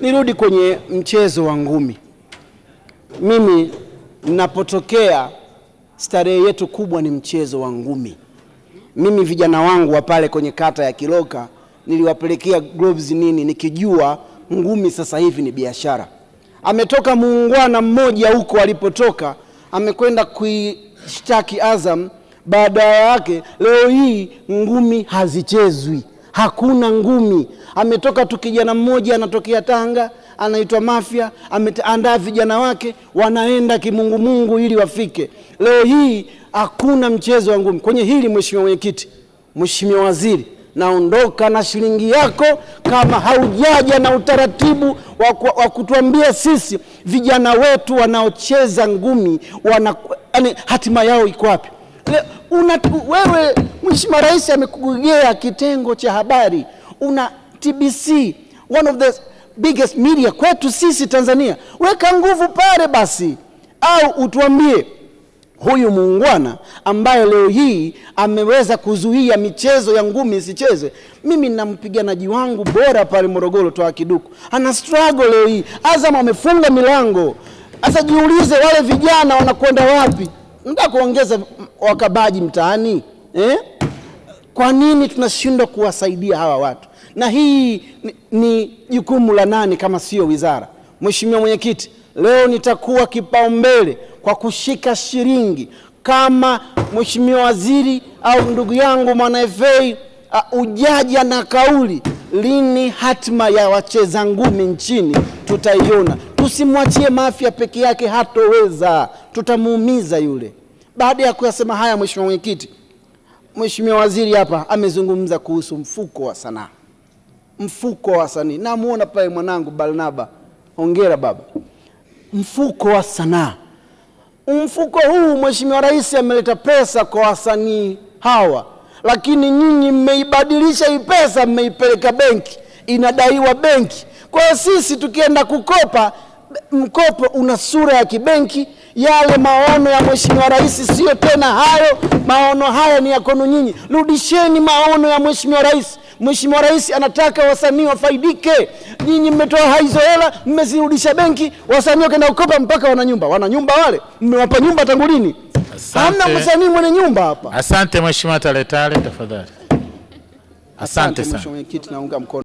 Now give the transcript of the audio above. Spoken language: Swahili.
Nirudi kwenye mchezo wa ngumi. Mimi napotokea, starehe yetu kubwa ni mchezo wa ngumi. Mimi vijana wangu wa pale kwenye kata ya Kiloka niliwapelekea gloves nini, nikijua ngumi sasa hivi ni biashara. Ametoka muungwana mmoja huko alipotoka, amekwenda kuishtaki Azam. Baada yake leo hii ngumi hazichezwi hakuna ngumi. Ametoka tu kijana mmoja anatokea Tanga, anaitwa Mafya, ameandaa vijana wake wanaenda kimungumungu ili wafike. Leo hii hakuna mchezo wa ngumi kwenye hili. Mheshimiwa Mwenyekiti, Mheshimiwa Waziri, naondoka na shilingi yako kama haujaja na utaratibu wa kutuambia sisi vijana wetu wanaocheza ngumi wana, yani hatima yao iko wapi? wewe Mheshimiwa Rais amekugogea kitengo cha habari, una TBC, one of the biggest media kwetu sisi Tanzania. Weka nguvu pale basi, au utuambie huyu muungwana ambaye leo hii ameweza kuzuia michezo ya ngumi isicheze. Mimi na mpiganaji wangu bora pale Morogoro, Toa Kiduku, ana struggle leo hii. Azam amefunga milango. Sasa jiulize, wale vijana wanakwenda wapi? mta kuongeza wakabaji mtaani eh? Kwa nini tunashindwa kuwasaidia hawa watu? Na hii ni jukumu la nani kama sio wizara? Mheshimiwa Mwenyekiti, leo nitakuwa kipaumbele kwa kushika shilingi kama Mheshimiwa Waziri au ndugu yangu mwana FA uh, ujaja na kauli lini hatima ya wacheza ngumi nchini tutaiona. Tusimwachie Mafya peke yake, hatoweza tutamuumiza yule. Baada ya kuyasema haya, mheshimiwa mwenyekiti, mheshimiwa waziri hapa amezungumza kuhusu mfuko wa sanaa, mfuko wa sanii. Namuona pale mwanangu Barnaba, hongera baba. Mfuko wa sanaa, mfuko huu mheshimiwa rais ameleta pesa kwa wasanii hawa, lakini nyinyi mmeibadilisha hii pesa, mmeipeleka benki, inadaiwa benki. Kwa hiyo sisi tukienda kukopa, mkopo una sura ya kibenki yale maono ya mheshimiwa rais siyo tena hayo. Maono haya ni ya kwenu nyinyi, rudisheni maono ya mheshimiwa rais. Mheshimiwa Rais anataka wasanii wafaidike. Nyinyi mmetoa hizo hela, mmezirudisha benki, wasanii wakaenda kukopa, mpaka wana nyumba, wana nyumba wale mmewapa nyumba tangu lini? Hamna msanii mwenye nyumba hapa. Asante Mheshimiwa Taletale, tafadhali. Asante, asante sana mwenyekiti, naunga mkono.